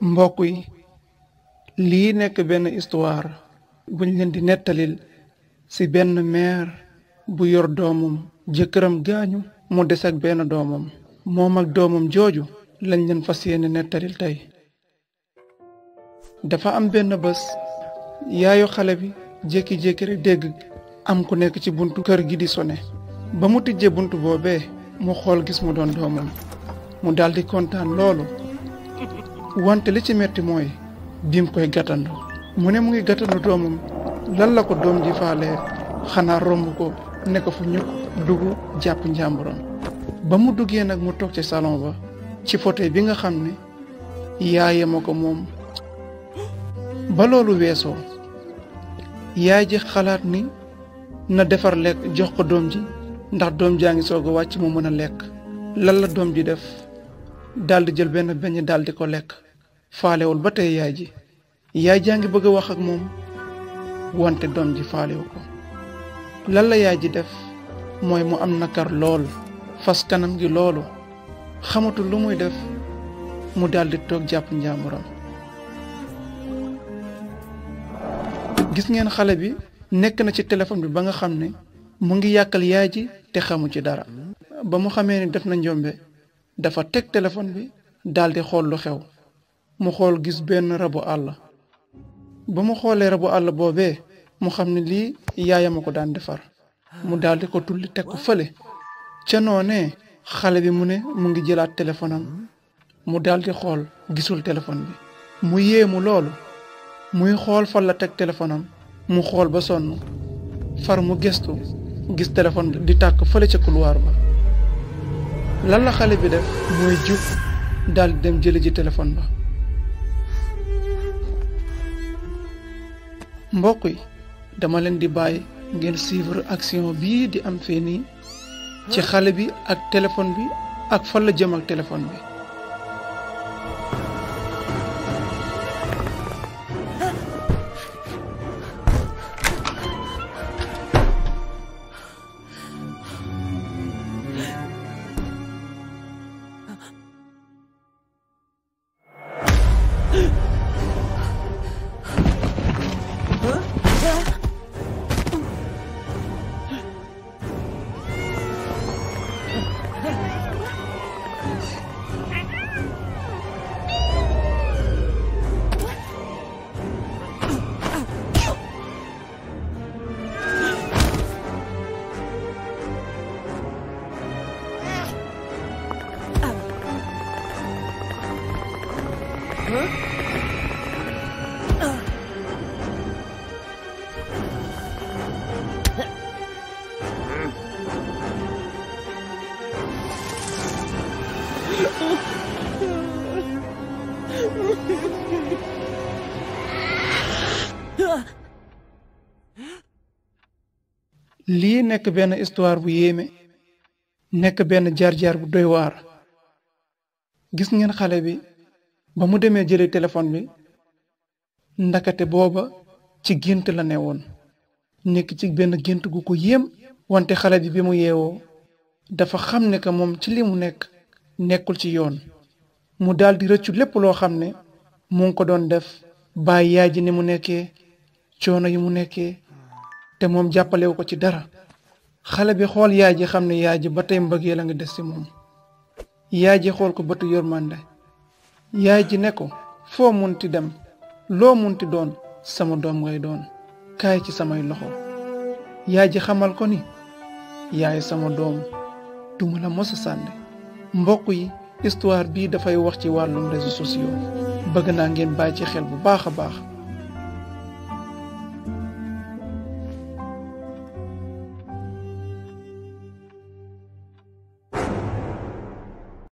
mbokk yi lii nekk benn histoire buñ leen di nettalil ci benn mère bu yor doomam jëkkëram gaañu mu des ak benn doomam moom ak doomam jooju lañ leen fas yéene nettalil tey dafa am benn bés yaayu xale bi jékki-jékki rek dégg am ku nekk ci buntu kër gi di sone ba mu tijjee buntu boobee mu xool gis mu doon doomam mu daldi kontaan loolu wante li ci metti mooy bim koy gàttandu mu ne mu ngi gàttandu doomam lan la ko doom ji faale xanaa romb ko ne ko fu ñu dugg jàpp njàmburam ba mu duggee nag mu toog ci salon ba ci fauteuil bi nga xam ne yaaye ma ko moom ba loolu weesoo yaay ji xalaat ni na defar lekk jox ko doom ji ndax doom jaa ngi soog a wàcc mu mën a lekk lan la doom ji def daal jël benn beñ daal di ko lekk faalewul ba tey yaay ji yaay jaa ngi bëgg a wax ak moom wante doom ji faalewu ko lan yaay ji def mooy mu am nakar lool fas kanam gi loolu xamatul lu muy def mu daldi toog jàpp njaamuram gis ngeen xale bi nekk na ci téléphone bi ba nga xam ni mu ngi yàkkal yaay ji te xamu ci dara ba mu xamee ni def na njombe dafa teg téléphone bi daal di xool lu xew mu xool gis benn rabu àll ba mu xoolee rabu àll boobee mu xam ne lii yaayam a ko daan defar mu daal di ko tulli teg ko fële ca noonee xale bi mu ne mu ngi jëlaat téléphone mu daldi xool gisul téléphone bi mu yéemu loolu muy xool fan la teg téléphone mu xool ba sonn far mu gestu gis téléphone bi di tàkk fële ca couloir ba lan la xale bi def mooy jub daal dem jële ji téléphone ba mbokk yi dama leen di bàyyi ngeen suivre action bii di am fee nii ci xale bi ak téléphone bi ak fan la jëm ak téléphone bi lii nekk benn histoire bu yéeme nekk benn jaar-jaar bu doy waar gis ngeen xale bi ba mu demee jëli téléphone bi ndakate booba ci gént la ne woon nekk ci benn gént gu ko yéem wante xale bi bi mu yeewoo dafa xam ne que moom ci li mu nekk nekkul ci yoon mu daal di rëccu lépp loo xam ne mu ngi ko doon def bàyyi yaay ji ni mu nekkee coono yi mu nekkee te moom jàppalewu ko ci dara xale bi xool yaay ji xam ne yaay ji ba tey mbëggee la nga des ci moom yaay ji xool ko bëtu yërmande yaay ji ne ko foo mënti dem loo munti doon sama doom ngay doon kaay ci samay loxo yaay ji xamal ko ni yaay sama doom duma la mos a sànni mbokk yi histoire bii dafay wax ci wàllum réseaux sociaux bëgg naa ngeen bàyyi ci xel bu baax a baax